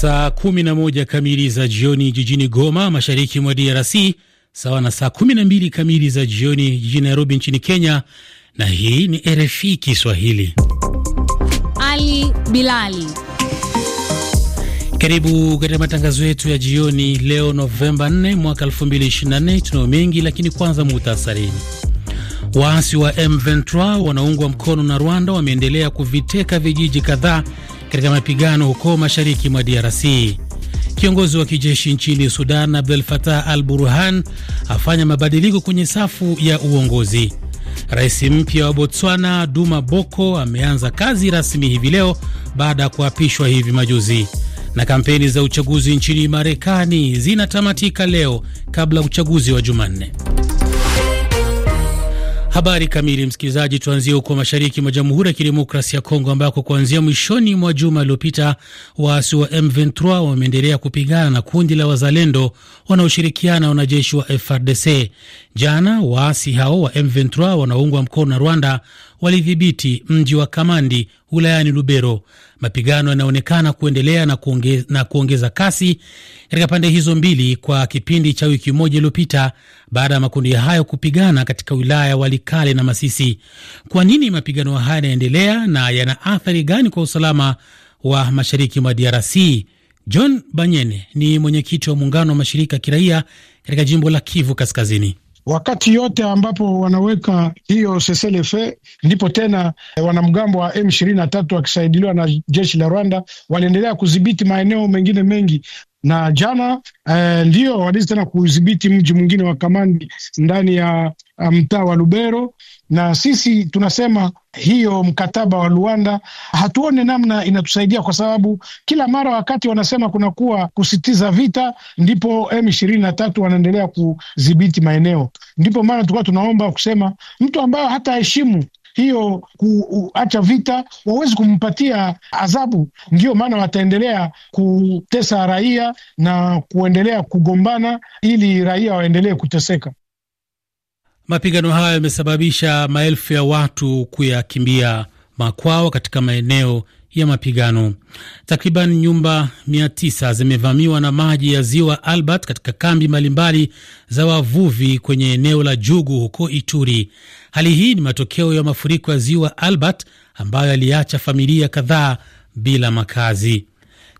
Saa 11 kamili za jioni jijini Goma, mashariki mwa DRC, sawa na saa 12 kamili za jioni jijini Nairobi nchini Kenya. Na hii ni RFI Kiswahili. Ali Bilali, karibu katika matangazo yetu ya jioni leo Novemba 4 mwaka 2024. Tunayo mengi, lakini kwanza muhtasari. Waasi wa M23 wanaungwa mkono na Rwanda wameendelea kuviteka vijiji kadhaa katika mapigano huko mashariki mwa DRC. Kiongozi wa kijeshi nchini Sudan Abdel Fattah al Burhan afanya mabadiliko kwenye safu ya uongozi. Rais mpya wa Botswana Duma Boko ameanza kazi rasmi hivi leo baada ya kuapishwa hivi majuzi. Na kampeni za uchaguzi nchini Marekani zinatamatika leo kabla uchaguzi wa Jumanne. Habari kamili, msikilizaji, tuanzie huko mashariki mwa Jamhuri ya Kidemokrasi ya Kongo ambako kuanzia mwishoni mwa juma iliyopita waasi wa M23 wameendelea kupigana na kundi la wazalendo wanaoshirikiana na wanajeshi wa FRDC. Jana waasi hao wa M23 wanaoungwa mkono na Rwanda walidhibiti mji wa Kamandi wilayani Lubero mapigano yanaonekana kuendelea na, kuonge, na kuongeza kasi katika pande hizo mbili kwa kipindi cha wiki moja iliyopita baada ya makundi hayo kupigana katika wilaya ya Walikale na Masisi. Kwa nini mapigano haya yanaendelea na yana athari gani kwa usalama wa mashariki mwa DRC? John Banyene ni mwenyekiti wa muungano wa mashirika ya kiraia katika jimbo la Kivu Kaskazini. Wakati yote ambapo wanaweka hiyo seselefe, ndipo tena eh, wanamgambo wa M ishirini na tatu wakisaidiliwa na jeshi la Rwanda waliendelea kudhibiti maeneo mengine mengi na jana eh, ndio waliweza tena kudhibiti mji mwingine wa Kamandi ndani ya eh, mtaa wa Lubero, na sisi tunasema hiyo mkataba wa Luanda hatuone namna inatusaidia, kwa sababu kila mara wakati wanasema kunakuwa kusitiza vita, ndipo M ishirini na tatu wanaendelea kudhibiti maeneo. Ndipo maana tulikuwa tunaomba kusema mtu ambayo hata heshimu hiyo kuacha vita, wawezi kumpatia adhabu. Ndiyo maana wataendelea kutesa raia na kuendelea kugombana ili raia waendelee kuteseka. Mapigano hayo yamesababisha maelfu ya watu kuyakimbia makwao katika maeneo ya mapigano. Takriban nyumba mia tisa zimevamiwa na maji ya ziwa Albert katika kambi mbalimbali za wavuvi kwenye eneo la Jugu huko Ituri. Hali hii ni matokeo ya mafuriko ya ziwa Albert ambayo yaliacha familia kadhaa bila makazi.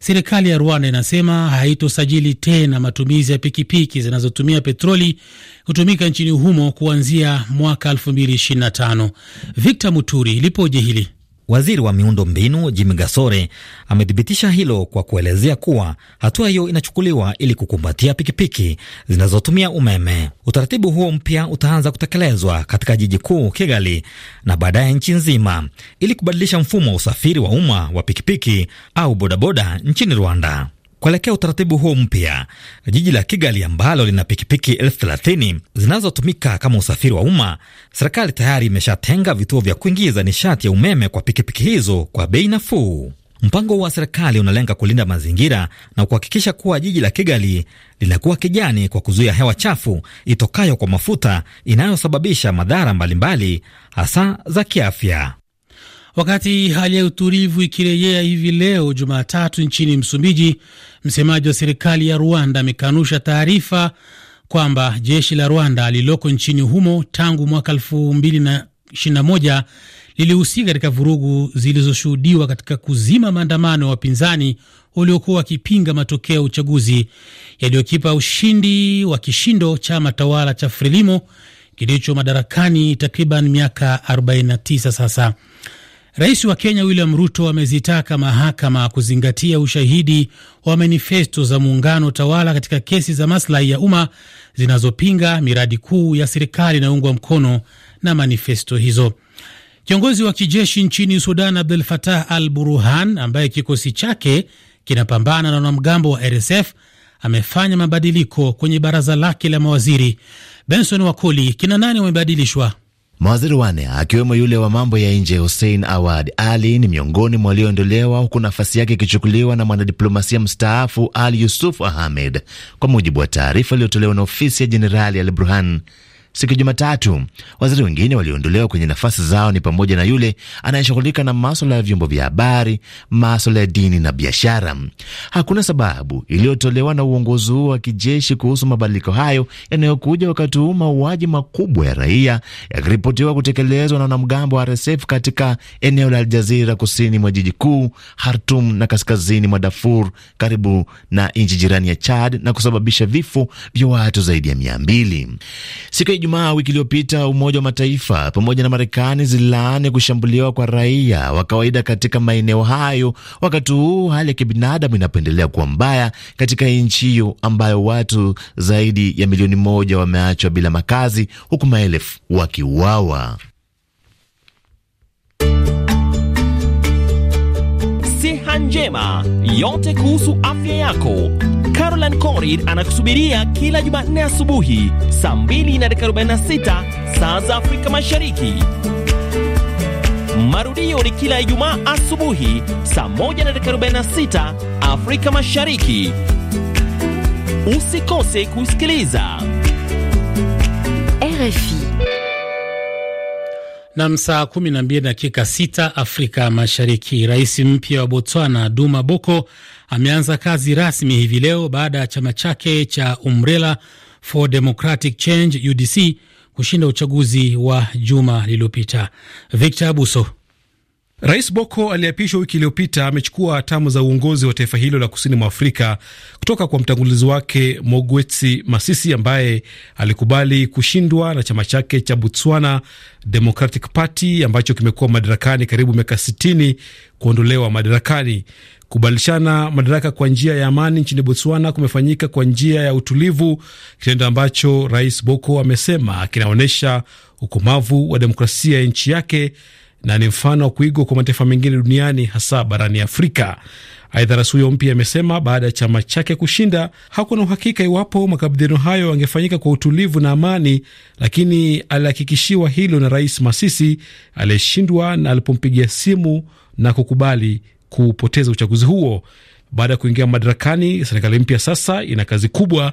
Serikali ya Rwanda inasema haitosajili tena matumizi ya pikipiki zinazotumia petroli kutumika nchini humo kuanzia mwaka 2025. Victor Muturi, lipoje hili? Waziri wa miundo mbinu Jimmy Gasore amethibitisha hilo kwa kuelezea kuwa hatua hiyo inachukuliwa ili kukumbatia pikipiki zinazotumia umeme. Utaratibu huo mpya utaanza kutekelezwa katika jiji kuu Kigali na baadaye nchi nzima ili kubadilisha mfumo wa usafiri wa umma wa pikipiki au bodaboda nchini Rwanda. Kuelekea utaratibu huo mpya, jiji la Kigali ambalo lina pikipiki elfu thelathini zinazotumika kama usafiri wa umma, serikali tayari imeshatenga vituo vya kuingiza nishati ya umeme kwa pikipiki hizo kwa bei nafuu. Mpango huu wa serikali unalenga kulinda mazingira na kuhakikisha kuwa jiji la Kigali linakuwa kijani kwa kuzuia hewa chafu itokayo kwa mafuta inayosababisha madhara mbalimbali hasa za kiafya. Wakati hali ya utulivu ikirejea hivi leo Jumatatu nchini Msumbiji, msemaji wa serikali ya Rwanda amekanusha taarifa kwamba jeshi la Rwanda lililoko nchini humo tangu mwaka 2021 lilihusika katika vurugu zilizoshuhudiwa katika kuzima maandamano ya wapinzani waliokuwa wakipinga matokeo ya uchaguzi yaliyokipa ushindi wa kishindo chama tawala cha Frelimo kilicho madarakani takriban miaka 49 sasa. Rais wa Kenya William Ruto amezitaka mahakama kuzingatia ushahidi wa manifesto za muungano tawala katika kesi za maslahi ya umma zinazopinga miradi kuu ya serikali inayoungwa mkono na manifesto hizo. Kiongozi wa kijeshi nchini Sudan abdul fatah al buruhan ambaye kikosi chake kinapambana na wanamgambo wa RSF, amefanya mabadiliko kwenye baraza lake la mawaziri. Benson Wakoli, kina nani wamebadilishwa? Mawaziri wane akiwemo yule wa mambo ya nje Hussein Awad Ali ni miongoni mwa walioondolewa, huku nafasi yake ikichukuliwa na mwanadiplomasia mstaafu Ali Yusuf Ahmed, kwa mujibu wa taarifa iliyotolewa na ofisi ya Jenerali Al Burhan siku ya Jumatatu. Waziri wengine walioondolewa kwenye nafasi zao ni pamoja na yule anayeshughulika na maswala ya vyombo vya habari, maswala ya dini na biashara. Hakuna sababu iliyotolewa na uongozi huo wa kijeshi kuhusu mabadiliko hayo yanayokuja wakati huu mauaji makubwa ya raia yakiripotiwa kutekelezwa na wanamgambo wa RSF katika eneo la Aljazira kusini mwa jiji kuu Hartum na kaskazini mwa Darfur karibu na nchi jirani ya Chad na kusababisha vifo vya watu zaidi ya mia mbili siku Ijumaa wiki iliyopita, Umoja wa Mataifa pamoja na Marekani zililaani kushambuliwa kwa raia wa kawaida katika maeneo hayo, wakati huu hali ya kibinadamu inapoendelea kuwa mbaya katika nchi hiyo ambayo watu zaidi ya milioni moja wameachwa bila makazi, huku maelfu wakiuawa. Njema, yote kuhusu afya yako. Caroline Corid anakusubiria kila Jumanne asubuhi saa 2 na dakika 46 saa za Afrika Mashariki. Marudio ni kila Ijumaa asubuhi saa 1 na dakika 46 Afrika Mashariki. Usikose kusikiliza RFI. Nam, saa kumi na mbili dakika sita Afrika Mashariki. Rais mpya wa Botswana Duma Boko ameanza kazi rasmi hivi leo baada ya chama chake cha Umbrella for Democratic Change UDC kushinda uchaguzi wa juma lililopita. Victor Abuso Rais Boko aliyeapishwa wiki iliyopita amechukua hatamu za uongozi wa taifa hilo la kusini mwa Afrika kutoka kwa mtangulizi wake Mogwetsi Masisi ambaye alikubali kushindwa na chama chake cha Botswana Democratic Party ambacho kimekuwa madarakani karibu miaka 60 kuondolewa madarakani. Kubadilishana madaraka kwa njia ya amani nchini Botswana kumefanyika kwa njia ya utulivu, kitendo ambacho Rais Boko amesema kinaonyesha ukomavu wa demokrasia ya nchi yake na ni mfano wa kuigwa kwa mataifa mengine duniani hasa barani Afrika. Aidha, rais huyo mpya amesema baada ya chama chake kushinda hakuna uhakika iwapo makabidhiano hayo yangefanyika kwa utulivu na amani, lakini alihakikishiwa hilo na Rais Masisi aliyeshindwa na alipompigia simu na kukubali kupoteza uchaguzi huo. Baada ya kuingia madarakani, serikali mpya sasa ina kazi kubwa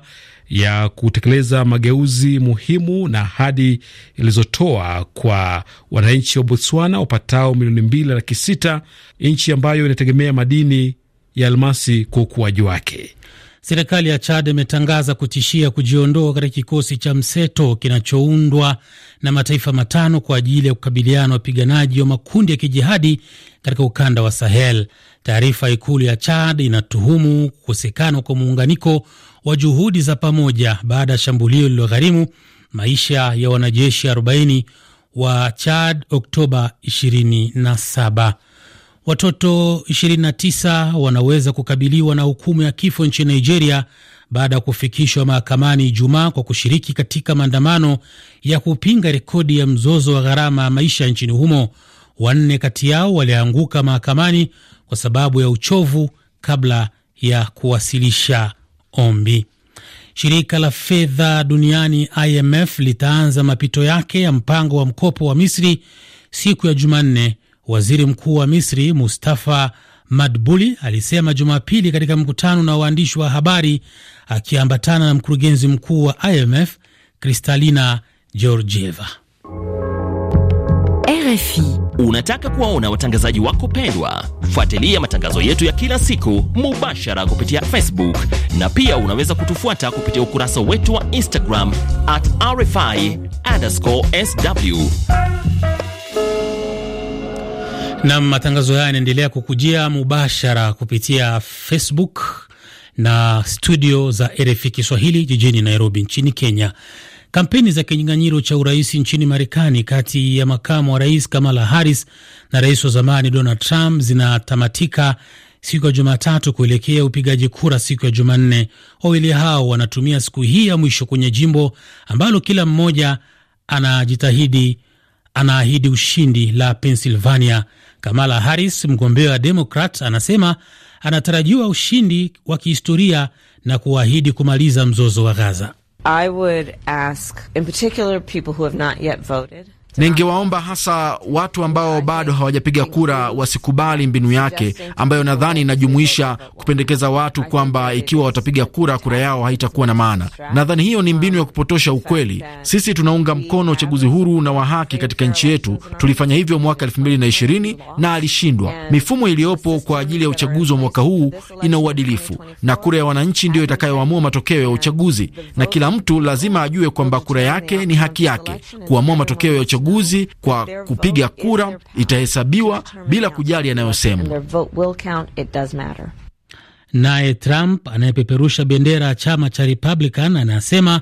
ya kutekeleza mageuzi muhimu na ahadi ilizotoa kwa wananchi wa Botswana wapatao milioni mbili laki sita, nchi ambayo inategemea madini ya almasi kwa ukuaji wake. Serikali ya Chad imetangaza kutishia kujiondoa katika kikosi cha mseto kinachoundwa na mataifa matano kwa ajili ya kukabiliana wapiganaji wa makundi ya kijihadi katika ukanda wa Sahel. Taarifa Ikulu ya Chad inatuhumu kukosekana kwa muunganiko wa juhudi za pamoja baada ya shambulio lililogharimu maisha ya wanajeshi 40 wa Chad Oktoba 27. Watoto 29 wanaweza kukabiliwa na hukumu ya kifo nchini Nigeria baada ya kufikishwa mahakamani Ijumaa kwa kushiriki katika maandamano ya kupinga rekodi ya mzozo wa gharama ya maisha nchini humo. Wanne kati yao walianguka mahakamani kwa sababu ya uchovu kabla ya kuwasilisha ombi. Shirika la fedha duniani IMF litaanza mapito yake ya mpango wa mkopo wa Misri siku ya Jumanne. Waziri mkuu wa Misri Mustafa Madbuli alisema Jumapili katika mkutano na waandishi wa habari akiambatana na mkurugenzi mkuu wa IMF Kristalina Georgieva. RFI Unataka kuwaona watangazaji wako pendwa? Fuatilia matangazo yetu ya kila siku mubashara kupitia Facebook na pia unaweza kutufuata kupitia ukurasa wetu wa Instagram at RFI underscore sw. nam matangazo haya yanaendelea kukujia mubashara kupitia Facebook na studio za RFI Kiswahili jijini Nairobi nchini Kenya. Kampeni za kinyang'anyiro cha urais nchini Marekani kati ya makamu wa rais Kamala Harris na rais wa zamani Donald Trump zinatamatika siku ya Jumatatu kuelekea upigaji kura siku ya Jumanne. Wawili hao wanatumia siku hii ya mwisho kwenye jimbo ambalo kila mmoja anajitahidi anaahidi ushindi la Pennsylvania. Kamala Harris, mgombea wa Demokrat, anasema anatarajiwa ushindi wa kihistoria na kuahidi kumaliza mzozo wa Gaza. I would ask, in particular, people who have not yet voted Ningewaomba hasa watu ambao bado hawajapiga kura wasikubali mbinu yake ambayo nadhani inajumuisha kupendekeza watu kwamba ikiwa watapiga kura, kura yao haitakuwa na maana. Nadhani hiyo ni mbinu ya kupotosha ukweli. Sisi tunaunga mkono uchaguzi huru na wa haki katika nchi yetu. Tulifanya hivyo mwaka 2020 na alishindwa. Mifumo iliyopo kwa ajili ya uchaguzi wa mwaka huu ina uadilifu, na kura ya wananchi ndiyo itakayoamua matokeo ya uchaguzi, na kila mtu lazima ajue kwamba kura yake ni haki yake kuamua matokeo ya uchaguzi uchaguzi kwa kupiga kura itahesabiwa bila kujali yanayosemwa. Naye Trump anayepeperusha bendera ya chama cha Republican anasema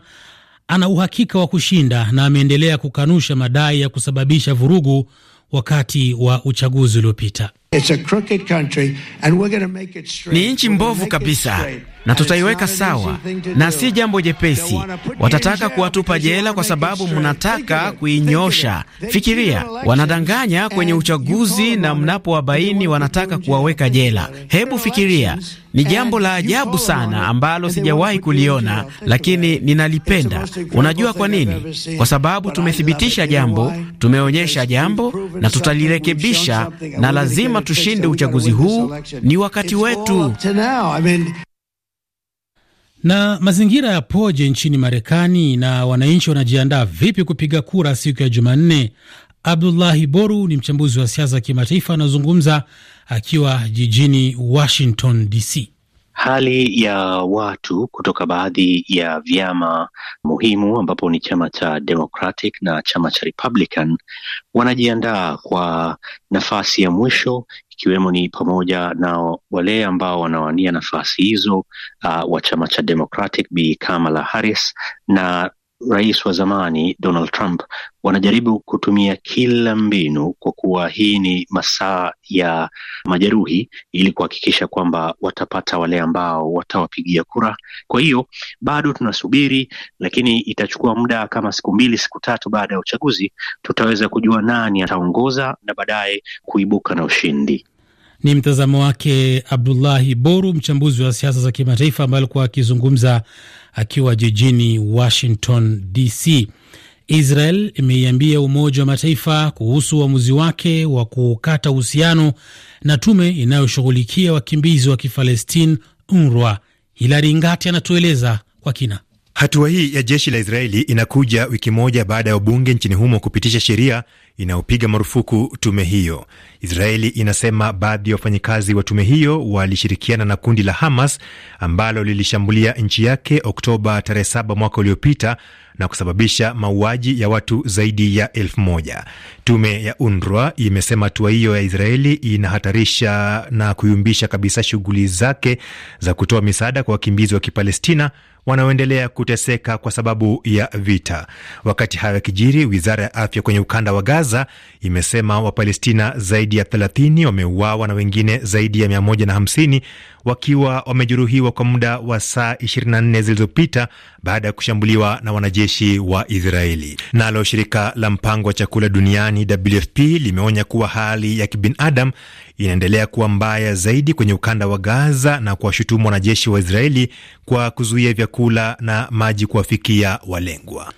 ana uhakika wa kushinda na ameendelea kukanusha madai ya kusababisha vurugu wakati wa uchaguzi uliopita. It's a crooked country and we're to make it straight. Ni nchi mbovu kabisa na tutaiweka sawa, na si jambo jepesi. Watataka kuwatupa jela kwa sababu mnataka kuinyosha. Fikiria, wanadanganya kwenye uchaguzi na mnapowabaini wanataka kuwaweka jela. Hebu fikiria, ni jambo la ajabu sana ambalo sijawahi kuliona, lakini ninalipenda. Unajua kwa nini? Kwa sababu tumethibitisha jambo, tumeonyesha jambo na tutalirekebisha, na lazima tushinde uchaguzi huu, ni wakati wetu. Na mazingira yapoje nchini Marekani na wananchi wanajiandaa vipi kupiga kura siku ya Jumanne? Abdullahi Boru ni mchambuzi wa siasa za kimataifa anazungumza akiwa jijini Washington DC hali ya watu kutoka baadhi ya vyama muhimu ambapo ni chama cha Democratic na chama cha Republican wanajiandaa kwa nafasi ya mwisho ikiwemo ni pamoja na wale ambao wanawania nafasi hizo uh, wa chama cha Democratic Bi Kamala Harris na rais wa zamani Donald Trump wanajaribu kutumia kila mbinu, kwa kuwa hii ni masaa ya majeruhi, ili kuhakikisha kwamba watapata wale ambao watawapigia kura. Kwa hiyo bado tunasubiri, lakini itachukua muda kama siku mbili, siku tatu baada ya uchaguzi, tutaweza kujua nani ataongoza na baadaye kuibuka na ushindi. Ni mtazamo wake Abdullahi Boru, mchambuzi wa siasa za kimataifa, ambaye alikuwa akizungumza akiwa jijini Washington DC. Israel imeiambia Umoja wa Mataifa kuhusu uamuzi wa wake wa kukata uhusiano na tume inayoshughulikia wakimbizi wa Kifalestini, UNRWA. Hilari Ngati anatueleza kwa kina. Hatua hii ya jeshi la Israeli inakuja wiki moja baada ya wabunge nchini humo kupitisha sheria inayopiga marufuku tume hiyo. Israeli inasema baadhi ya wafanyakazi wa tume hiyo walishirikiana na kundi la Hamas ambalo lilishambulia nchi yake Oktoba tarehe 7 mwaka uliopita na kusababisha mauaji ya watu zaidi ya elfu moja. Tume ya UNRWA imesema hatua hiyo ya Israeli inahatarisha na kuyumbisha kabisa shughuli zake za kutoa misaada kwa wakimbizi wa Kipalestina wanaoendelea kuteseka kwa sababu ya vita. Wakati hayo yakijiri, wizara ya afya kwenye ukanda wa Gaza imesema Wapalestina zaidi ya 30 wameuawa na wengine zaidi ya 150 wakiwa wamejeruhiwa kwa muda wa saa 24 zilizopita baada ya kushambuliwa na wanajeshi wa Israeli. Nalo shirika la mpango wa chakula duniani WFP limeonya kuwa hali ya kibinadamu inaendelea kuwa mbaya zaidi kwenye ukanda wa Gaza na kuwashutumu wanajeshi wa Israeli kwa kuzuia vyakula na maji kuwafikia walengwa.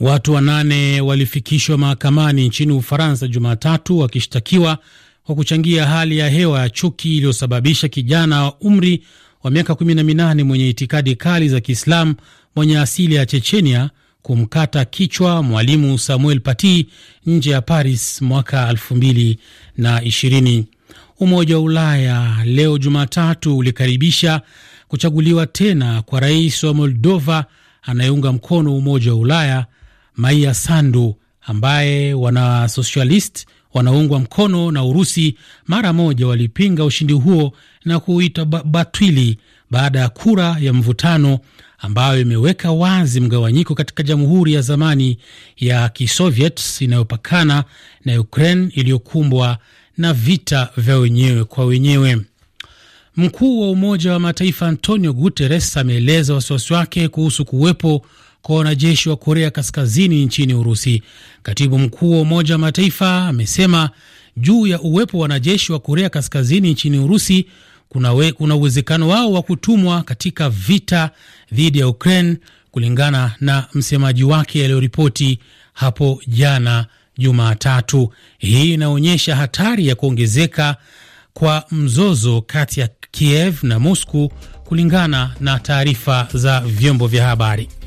Watu wanane walifikishwa mahakamani nchini Ufaransa Jumatatu wakishtakiwa kwa kuchangia hali ya hewa ya chuki iliyosababisha kijana wa umri wa miaka 18 mwenye itikadi kali za Kiislamu mwenye asili ya Chechenia kumkata kichwa mwalimu Samuel Paty nje ya Paris mwaka 2020. Umoja wa Ulaya leo Jumatatu ulikaribisha kuchaguliwa tena kwa rais wa Moldova anayeunga mkono umoja wa Ulaya Maia Sandu ambaye wanasosialist wanaoungwa mkono na Urusi mara moja walipinga ushindi huo na kuuita batwili baada ya kura ya mvutano ambayo imeweka wazi mgawanyiko katika jamhuri ya zamani ya Kisoviet inayopakana na Ukraine iliyokumbwa na vita vya wenyewe kwa wenyewe. Mkuu wa Umoja wa Mataifa Antonio Guterres ameeleza wasiwasi wake kuhusu kuwepo kwa wanajeshi wa Korea Kaskazini nchini Urusi. Katibu mkuu wa Umoja wa Mataifa amesema juu ya uwepo wa wanajeshi wa Korea Kaskazini nchini Urusi kuna, uwezekano wao wa kutumwa katika vita dhidi ya Ukraine, kulingana na msemaji wake aliyoripoti hapo jana Jumatatu. Hii inaonyesha hatari ya kuongezeka kwa mzozo kati ya Kiev na Moscow, kulingana na taarifa za vyombo vya habari.